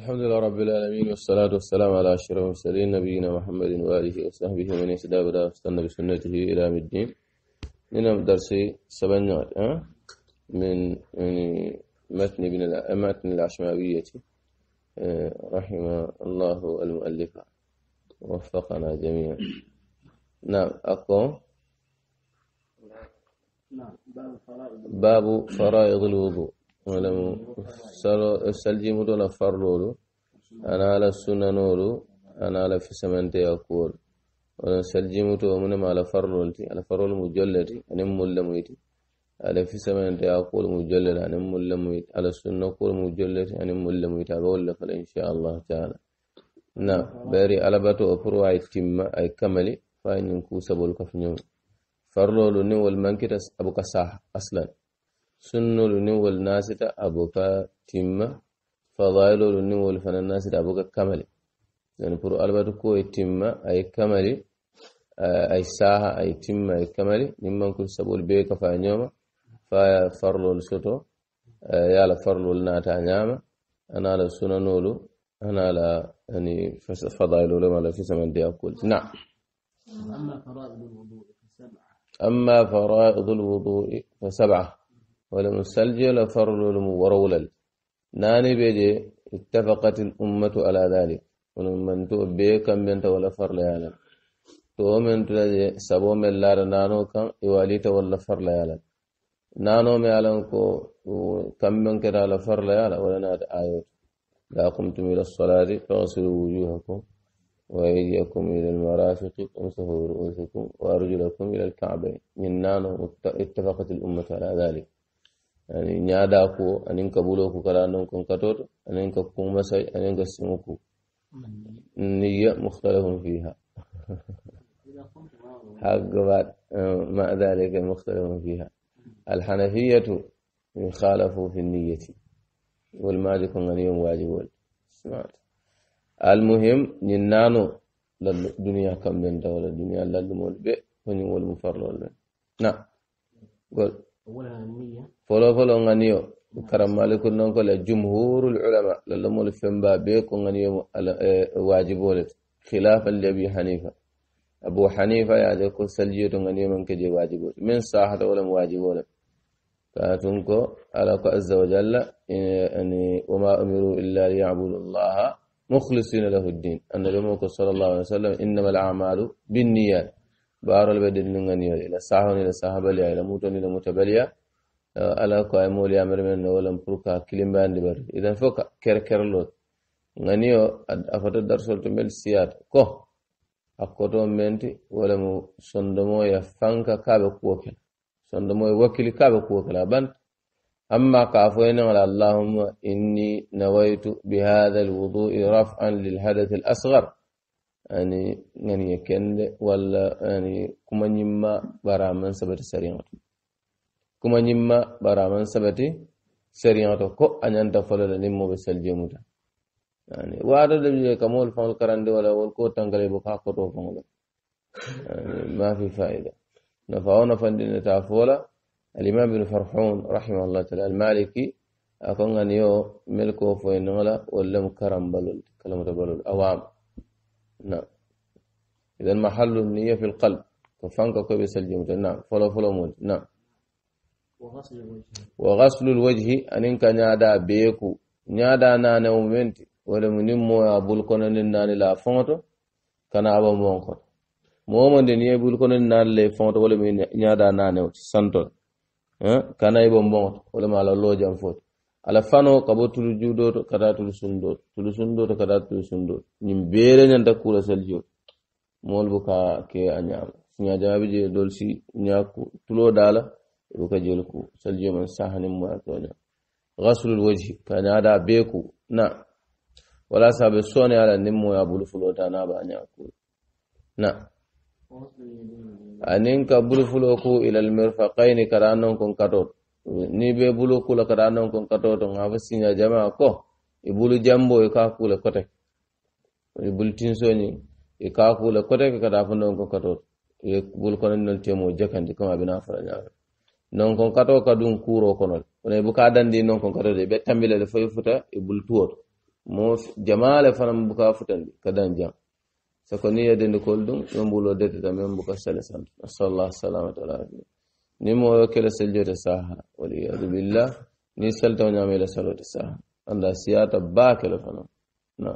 الحمد لله رب العالمين والصلاة والسلام على أشرف المرسلين نبينا محمد وآله وصحبه ومن اهتدى بهداه واستنى بسنته إلى يوم الدين لنا درس سبنات من يعني متن ابن متن العشماوية آه، رحم الله المؤلف ووفقنا جميعا نعم أقوم نعم، باب فرائض الوضوء ولم سلجمتون فرلولو أنا على سننولو أنا على في سمنتي أقول ولم سلجمتو منم على فرلولتي على فرول مجلتي أنا ملميتي على في سمنتي أقول مجلد أنا ملميت على سنة أقول مجلتي أنا ملميت على ولا إن شاء الله تعالى نعم باري على باتو أبرو أي تم أي كملي فإن ينكو سبول كفنيوم فرلولو نول منكت أبو كساح أصلاً sunnolu niŋ wolu naasita a buka timma fadailolu niŋ wolu fanaŋ naasita a buka kamali yani pour alabatu ko ye timma a ye kamali a ye saaha a ye timma a ye kamali niŋ mankulu sabolu bee kafa a ñooma fa ye farlolu soto ye a la farlolu naata a ñaama ana la sunanolu ana la yani fadailolu ma la fisamandiya kolu na أما فرائض الوضوء فسبعة ولم نستلجل فرلم ورولل ناني بيجي اتفقت الأمة على ذلك ولم من تو بيكم بنت ولا فرل يعلم تو من تلجي سبو من لار نانو كم يواليت ولا فرل يعلم نانو من يعلم كو كم من كرا لفرل يعلم ولا نات آيوت لا قمتم إلى الصلاة فاغسلوا وجوهكم وأيديكم إلى المرافق وامسحوا رؤوسكم وأرجلكم إلى الكعبين من نانو اتفقت الأمة على ذلك ani ñaada ko anin ka bulo ko kala non kon katot anin ka kuma sai anin ka simuku niyya mukhtalafun fiha حقبات مع ذلك مختلف فيها الحنفية يخالفوا في النية والمالك يوم واجب سمعت المهم ننانو للدنيا كم من دولة الدنيا للمول بي ونمول مفرلول نعم قل فلو فلو غنيو كرم مالك ننقل جمهور العلماء للمو الفنبا بيكو غنيو إيه، واجب ولد خلافا لابي حنيفه ابو حنيفه يا ديكو سلجيت غنيو من كجي واجب ولد من صاحة ولا واجب ولد فاتنكو على عز وجل يعني وما امروا الا ليعبدوا الله مخلصين له الدين ان لموك صلى الله عليه وسلم انما الاعمال بالنيات baarol ɓe ɗinndugani ila sahon ila sahabaliya ila muton ila mutabaliya ala ko ay mooli amere men no walan pour que hakkilimbayandi ɓar idan fof kerkerlol gani o a fota darsol to mbel siyata ko hakkoto menti wala mo sondomo ya fanka kaɓe kuwo kela sondomo e wakkili kaɓe kuwo kela banta أما كافوين على اللهم إني نويت بهذا الوضوء رفعا للحدث الأصغر اني غني كند ولا اني كما نيما برامن سبت سريان كما نيما برامن سبت سريان تو كو اني انت فلل ني مو بسل جيمودا يعني وارد لي كمول فول كراندي ولا ول كو تانغلي بو كاكو تو فول يعني ما في فائده نفعونا فندنا تافولا الامام بن فرحون رحمه الله تعالى المالكي أكون أن يو ملكو فوين ولا ولم كرم بلول كلمة بلول أوام نعم إذا محل النية في القلب ففانك كويس الجمجة نعم فلو فلو موج نعم وغسل الوجه وغسل الوجه أن كان يادا بيكو يادا نانا ومنتي ولا من يمو يابول كونن نان لا فونتو كان أبا مونكو مومن دي يابول كونن نان لا فونتو ولا من يادا نانا سانتو أه؟ كان يبو مونتو ولا ما لا لو جام فوتو ala fano kabo tulu judoto kada tulu sundoto tulu sundoto kada tulu sundoto ñin bere ñanta kula saljio mool buka ke a ñama siña jawabi je dol si ñaku tulo dala e buka jel ku saljio man sahanin moyatoña gasulul waji kañada beku na wala sabe sone ala nin moya bulu fulo ta naba ñaku na anin ka bulu fulo ku ilal mirfaqaini kada non kon katoto ni be bulu kula kada non kon kato to ngafa sinya jama'a ko e bulu jambo e ka kula kote e bulu tinso ni e ka kula kote ka da fondo kon kato e bulu kon non temo jakandi ko abina fara nyaa non kon kato ka dun kuro kon on e buka dandi non kon kato de be tambile le foyi futa e bulu tuwot mo jama'a fana buka futandi kadan jam sako ni yadendi kol dum yombulo dete tam yombuka sale sant sallallahu alaihi wa sallam ni وكلا kela seljete saha waliyadu billah ni salta o ñamela salote saha allah siyata baa kela fana na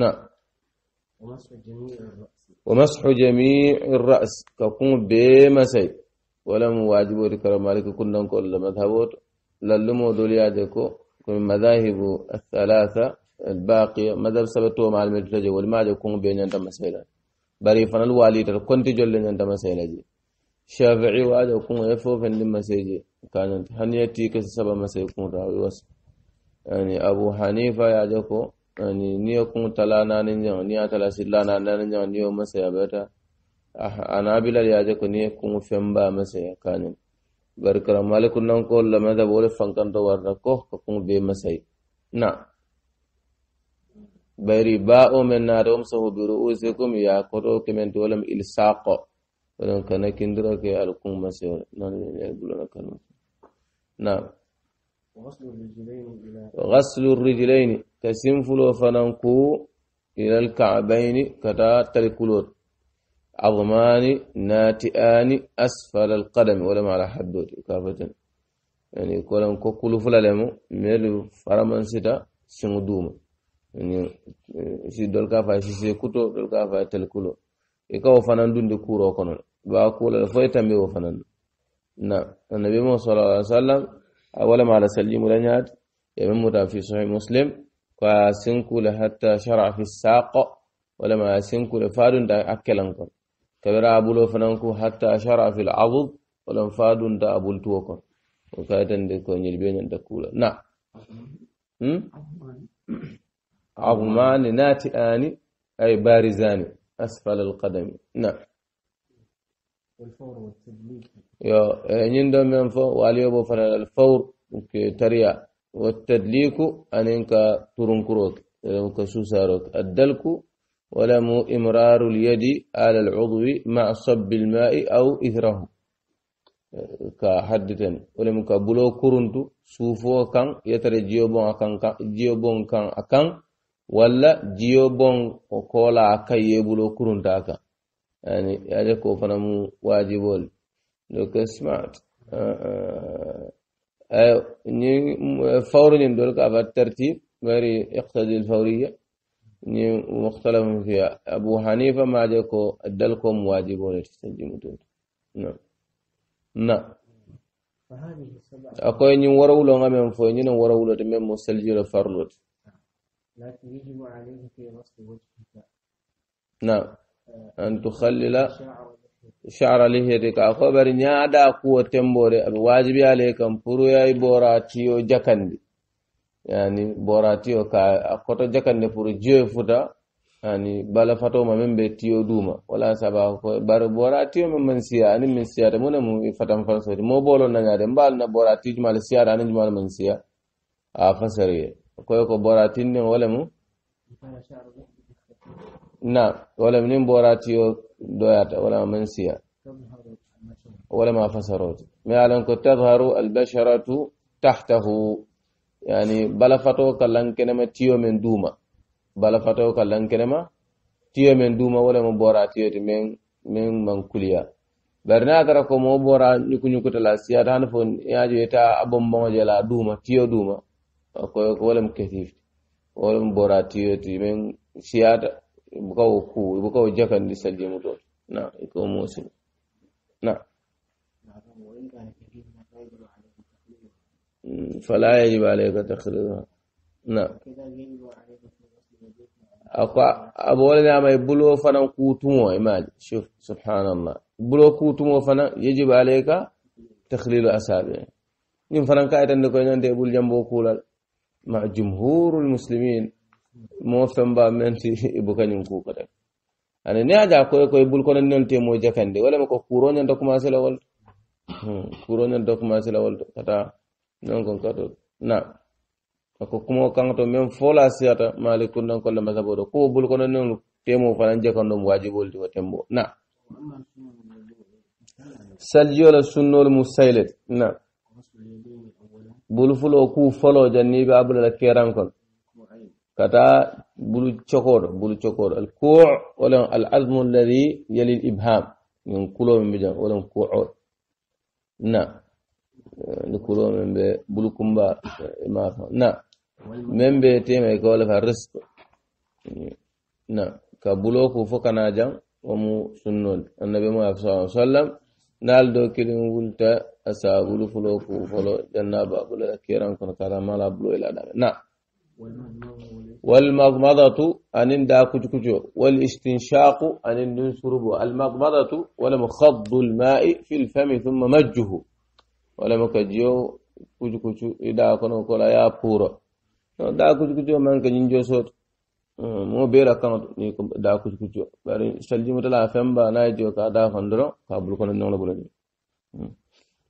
na ومسح جميع الرأس كقوم بمسي ولم واجب ذكر مالك كنا كل مذهبات للمو دولياتكو كم مذاهب الثلاثة الباقية مذهب سبتو مع المتلجة والماجة كون بين أنت مسيلة بريفنا فنال تر كنت جل أنت مسيلة جي shafi'i wa ada kun ya fofen din masaje kanan hanya ti ka saba masai kun rawi wasu yani abu hanifa ya da ko yani ni kun tala na nin jan ni tala silla na nan jan ni masa ya bata anabila ya da ko ni kun fen ba masa ya kanan barkar malikun nan ko la madhab wala fankan to warra ko ko kun be masai na bari ba'u min na da umsahu bi ru'usikum ya kodo kemen to lam ilsaqo ولن كان كندرا كي ألقون مسير نعم وغسل الرجلين كسنفلو فننكو إلى الكعبين كتا تلكلوت عظمان ناتئان أسفل القدم ولم على حدود كافة يعني كولم كوكولو فلالمو ميلو فرمان ستا سنو دوما يعني سيدول كافة سيسي كتو دول كافة تلكلوت i ka wo fanaŋ dundi kuuroo kono be a kuu la le fo ye tambi wo fanaŋ na annabi mo sala ali sallam a walama ala sallimu la ñaati ye meŋ muta fi sahih muslim ko a sinkule hatta shara fi saaqo walama a sinkule faa dunta a kelaŋ kono kabira a buloo fanaŋ ku hatta shara fi labud walam faa dunta a bultuwo kono o kayitandi ko ñiŋ be ñanta kuu la na عظمان ناتئان أي بارزان أسفل القدم نعم إيه، الفور والتدليك يا نيندو من فو واليوبو فنال الفور تريا والتدليك أنك ترنكروك إيه، كسوساروك الدلك ولم إمرار اليد على العضو مع صب الماء أو إثره إيه، كحدثن ولم كبلو كرنتو سوفو كان يترجيو بون كان بون كان أكان walla jiyo bon o kola a kan yebulo kurunta kan yani yaje ko fana mu wajibol doka smart فور دول كافة الترتيب غير يقتضي الفورية مختلف فيها أبو حنيفة ما جاكو أدلكم واجب ولا تستجيب نعم نعم أكو إني ورولو غامي فويني ورولو تمام مسلجي لفرلوت لكن يجب عليه في غسل وجهك نعم أن تخلل شعر لهرك أخبر نيادا قوة تنبوري الواجب عليكم فرو يا بوراتيو جكندي yani bora tiyo ka a koto jakande pour jee futa yani bala fatoma men be tiyo duma wala saba ko bar bora tiyo men man siya ani min siyata mune mu fatan fansori mo bolo nañade mbal na bora tiyo jumal siyata ani jumal man siya a fasariye koy ko boratinne wala mu نعم ولا من بوراتيو دوياتا ولا منسيا ولا ما فسروت ما يعلم تظهر البشرة تحته يعني بلفتو كلان كنما تيو من دوما بلفتو كلان كنما تيو من دوما ولا من بوراتيو من من من كليا برنا ترى كمو بورا نيكو نيكو تلا سيادان فون ياجو يتا ابومبو جلا دوما تيو دوما ولم كثيف ولم براتيوت من سيادة بكو كو بكو جكن لسلجي مطول نعم يكون موسم نعم فلا يجب عليك تخليها نعم أقول نعم يبلو فنا كوتمو إماج شوف سبحان الله بلو كوتمو فنا يجب عليك تخليل أسابيع نعم فنا كايتا نكو ينتهي بول جنبو كولال مع جمهور المسلمين موفن با منتي ابو كانين كوكا ana ne aja koye koye bulkono nonte mo jakande walama ko kuroñon do commencé lawol kuroñon do commencé lawol do kata non kon kato na ako kumo kanto même fola siyata mali kundan kolle masabo do ko bulkono non temo fanan jakando mo waji bolti ko tembo na saljiola sunnol musailet na bulu fulo ku folo janni be abulala keran kon kata bulu cokodo bulu cokodo al ku olen al azmu alladhi yali al ibham min kulo min bijan olen ku na ni kulo min be bulu kumba e ma na min be teme ko le fa risk na ka bulo ku fokana jam o mu sunnon annabi mu sallallahu alaihi wasallam nal do kirin wulta asa bulu fulo ku folo janna ba bulu kiran kono kala mala bulu ila dame na والمغمضة أن دا كج كجو والاستنشاق أن ننسربه المغمضة ولم خض الماء في الفم ثم مجه ولم كجيو كج كج إدا كنو كلا يا بورا دا كج كجو من كنجو صوت mo bera kano ni ko da ku ku bari salji mutala famba na jo ka da fandro ka bul kono nongla bulani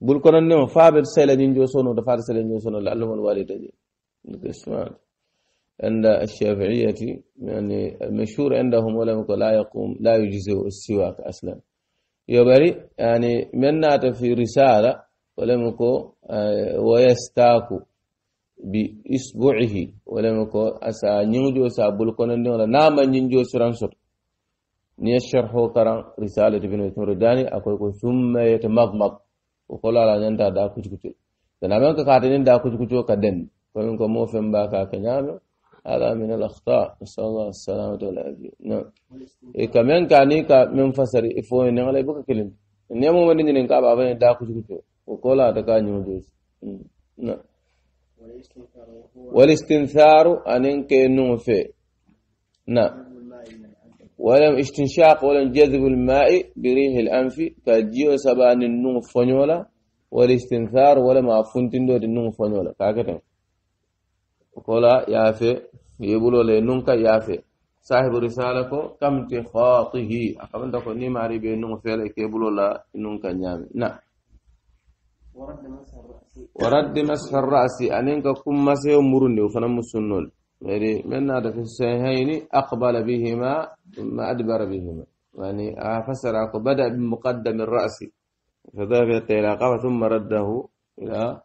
bul konon nema faaɓe saylañin jo sonoto faata saylañin jo sonola allah mon waɗitaje ismail عند الشافعية يعني المشهور عندهم ولم لا يقوم لا يجزئ السواك أصلا يبري يعني من في رسالة ولم آه، ويستاك بإسبوعه ولم أسا نيوجو سا بلقنا ولا نام نيوجو سرانسر نيشرحو كران رسالة ابن الداني أقول ثم يتمضمض o kolo ala ñanta da kucukucol sana men ka kaatanin da kucukuco ka den komin ko moo fen mba ka ke ñaame هذا من الأخطاء نسأل الله السلامة والعافية نعم كمان كاني كا من فسر إفوه نغلا يبقى كلم نيمو من دين كاب أبين داكو جوجو وكولا تكا نيمو نعم والاستنثار أنين كي نوفي نعم ولم استنشاق ولم جذب الماء بريح الأنف كجيو سبان النوم فنولا والاستنثار ولم أفنتن دو النوم فنولا كاكتن قولا يافي يبولو لنونك يافي صاحب رسالة كو كم تخاطه أقبل تكو نيم عربي النوم فيلك يبولو لنونك نعم نعم ورد مسح الرأسي ورد مسح الرأسي أنينك كم مسح مرني وفنم سنول يعني من هذا في الصحيحين أقبل بهما ثم أدبر بهما يعني فسر بدأ بمقدم الرأس فذهب إلى قفا ثم رده إلى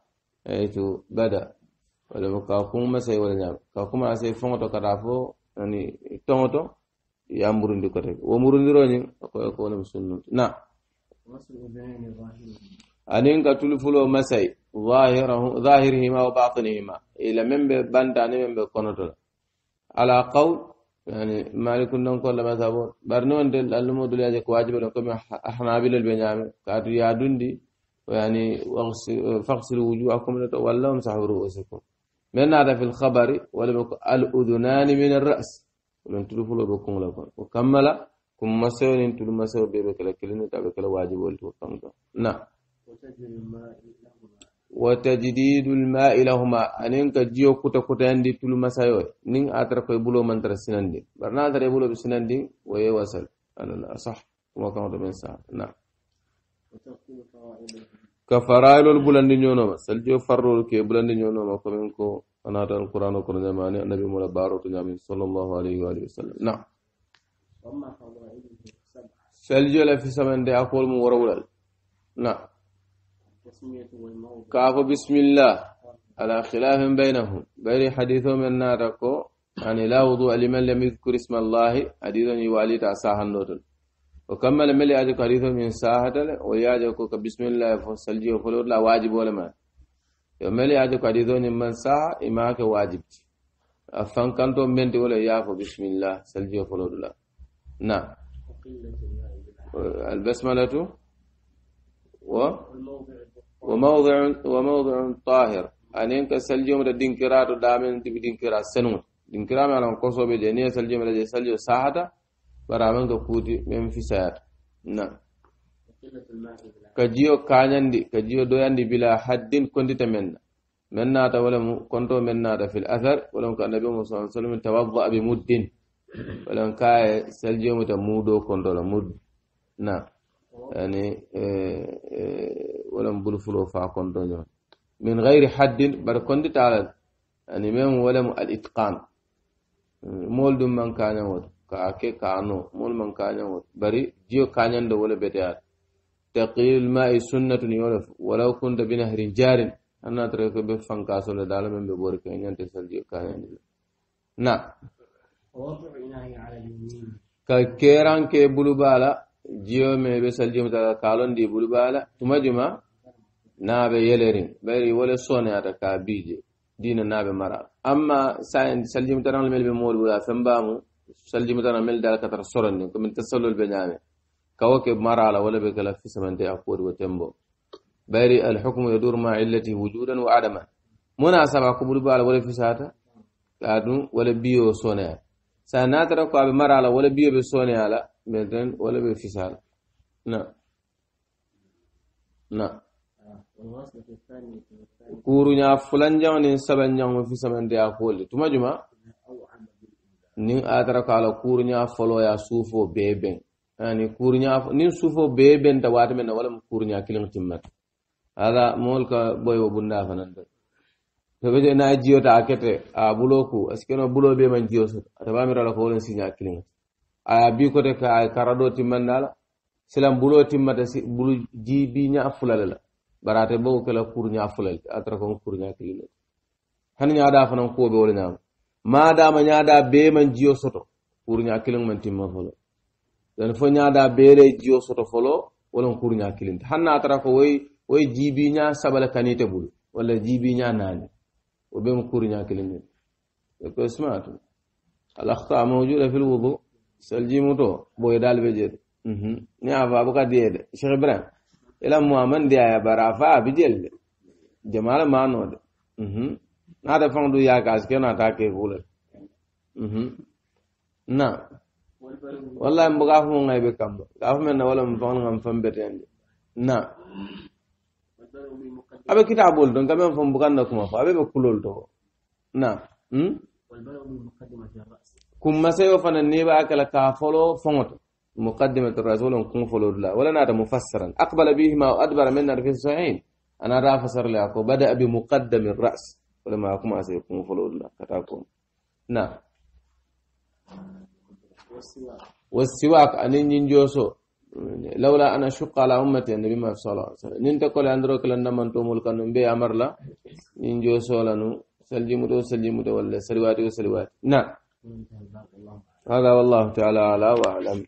حيث بدأ ولو كاكوما سي ولا نعم كاكوما سي فونتو كرافو يعني تونتو يا مرندي كتك ومرندي روني كون مسنون نعم أنين كتول فلو مسي ظاهره ظاهرهما وباطنهما إلى من بند أن من بكونتلا على قول يعني ما مالك نون كل ثابون برنو أنت المود اللي يجك واجب لكم إحنا بيل البنيامين كاتو يادوندي ويعني فاغسلوا وجوهكم ولا امسحوا رؤوسكم من هذا في الخبر ولم الأذنان من الرأس ولم تلفوا بكم لكم وكمل كم مسوين تلو مسوين بيبك لكلين تابك لواجب والتوقع نعم وتجديد الماء لهما أنين كجيو كتا كتا يندي تلو مسايو نين آتر كي بلو من تر سنندي برنا آتر يبلو بسنندي ويه وصل أنا صح وما كان من ساعة نعم كفرائل البلند نيونوما سلجو فرول كي بلند نيونوما كمينكو أنا آتر القرآن وقرن جمعني النبي مولا بارو تنامي صلى الله عليه وآله وسلم نعم سلجو لفي سمن دي أقول مورولال نعم كاف بسم الله على خلاف بينهم بين حديثهم من ناركو يعني لا وضوء لمن لم يذكر اسم الله حديثا يوالي أساها النور وكمل ملي أجك حديث من ساحة وياجك بسم الله فسلجي وفلور لا واجب ولا ما يوملي أجك حديثه من ساحة إماك واجب أفن كنتو منتي ولا يافو بسم الله سلجي وفلور لا نعم البسملة و الموضع وموضع وموضع طاهر أن ينك سلجم الدنكرا دامن تبي دنكرا سنو دنكرا ما لهم قصو بجنية سلجم رجع سلجو ساحة برامن كفوتي من في سار نعم كجيو كانيندي كجيو دوياندي بلا حد كنت تمنى من نات ولم كنت من نات في الأثر ولم كان النبي صلى الله عليه وسلم توضأ بمد ولم كاي سلجم تمودو كنت مد نعم يعني آه، آه، ولم بلفلو فاكون دونيون من غير حد بركون دي تعالى يعني ميم ولم الاتقان مول دم من كان ود كاكي كانو مول من كان ود بري جيو كان دو ولا بيتار تقيل الماء سنة يولف ولو كنت بنهر جار أنا أترك بفن كاسو دالا من ببورك إن جيو كان كانن نعم ووضع إناه على اليمين كيران كي بلو بالا jiyo me be saljum daga kalon di bulu bala tuma juma na be yelerin bayri wala sone ata ka bije dina na be mara amma sayin saljum tan mel be mol bula famba mu saljum tan mel dal katar soron ni ko min tasallul be nyame كوكب مرة على ولا بكلا في سمنتي أقول وتمبو باري الحكم يدور مع علته وجودا وعدما منا سبع قبول على ولا في ساتا كادو ولا بيو سونيا سناترك على مرة على ولا بيو بسونيا على بيدن ولا بانفصال نعم نعم kuru nya fulan jang ni saban jang fi saban de akole tuma juma nin atara kala kuru nya folo ya sufo beben ani kuru nya nin sufo beben da wata men wala kuru nya kilim timmat ala mol ka boyo bunda fanan da to be na jiyo ta akete a buloku askeno bulo be man jiyo so ta ba mi rala ko wolen sinya kilim aya bi kote ka ay karaɗo timmandala silan bulo timmata bulu jibi ña fulale la barate bogo kela kur ña fulale atara kon kur ña kilinete hani ñaɗa fanan koɓe wala ñama madama ñaɗa be man jiyo soto kur ña kilin man timma folo dan fo ñaɗa beere jiyo soto folo walan kur ña kilinte hanna atara ko woy woy jibi ña sabala kanite bulu walla jibi ña naani o ɓe mo kur ña kilinte ko smatum al akhta mawjuda fi lwudu soljimuto boye dalɓe jeeɗo ni a fa boka diyede cheikh ibrahim ila muhaman diyaya bara a fa abi jelde jamala manode nata fan du yakas ke nata ke kulal na wallahi mbo gafu mo ngayɓe kamma gafu men na wala mo fanngam fambetende na aɓe kitabol ton kamen fo mbukanda kuma fo aɓe ɓe kulol to na كم مسيو فن akala أكل كافلو foŋoto مقدمة الرسول كم فلور لا ولا نار مفسرا أقبل به بهما وأدبر منا في سعين أنا رافسر لأكو بدأ بمقدم الرأس ولما أكون كم فلور لا كتاكم نعم والسواك أن ينجوسو لولا أنا شق على أمتي النبي ما في صلاة عليه وسلم ننتقل أندروك لنا من تومل كانوا بي أمر لا ينجوسو لنو سلجمتو سلجمتو ولا سلواتي وسلواتي نعم هذا والله تعالى أعلى وأعلم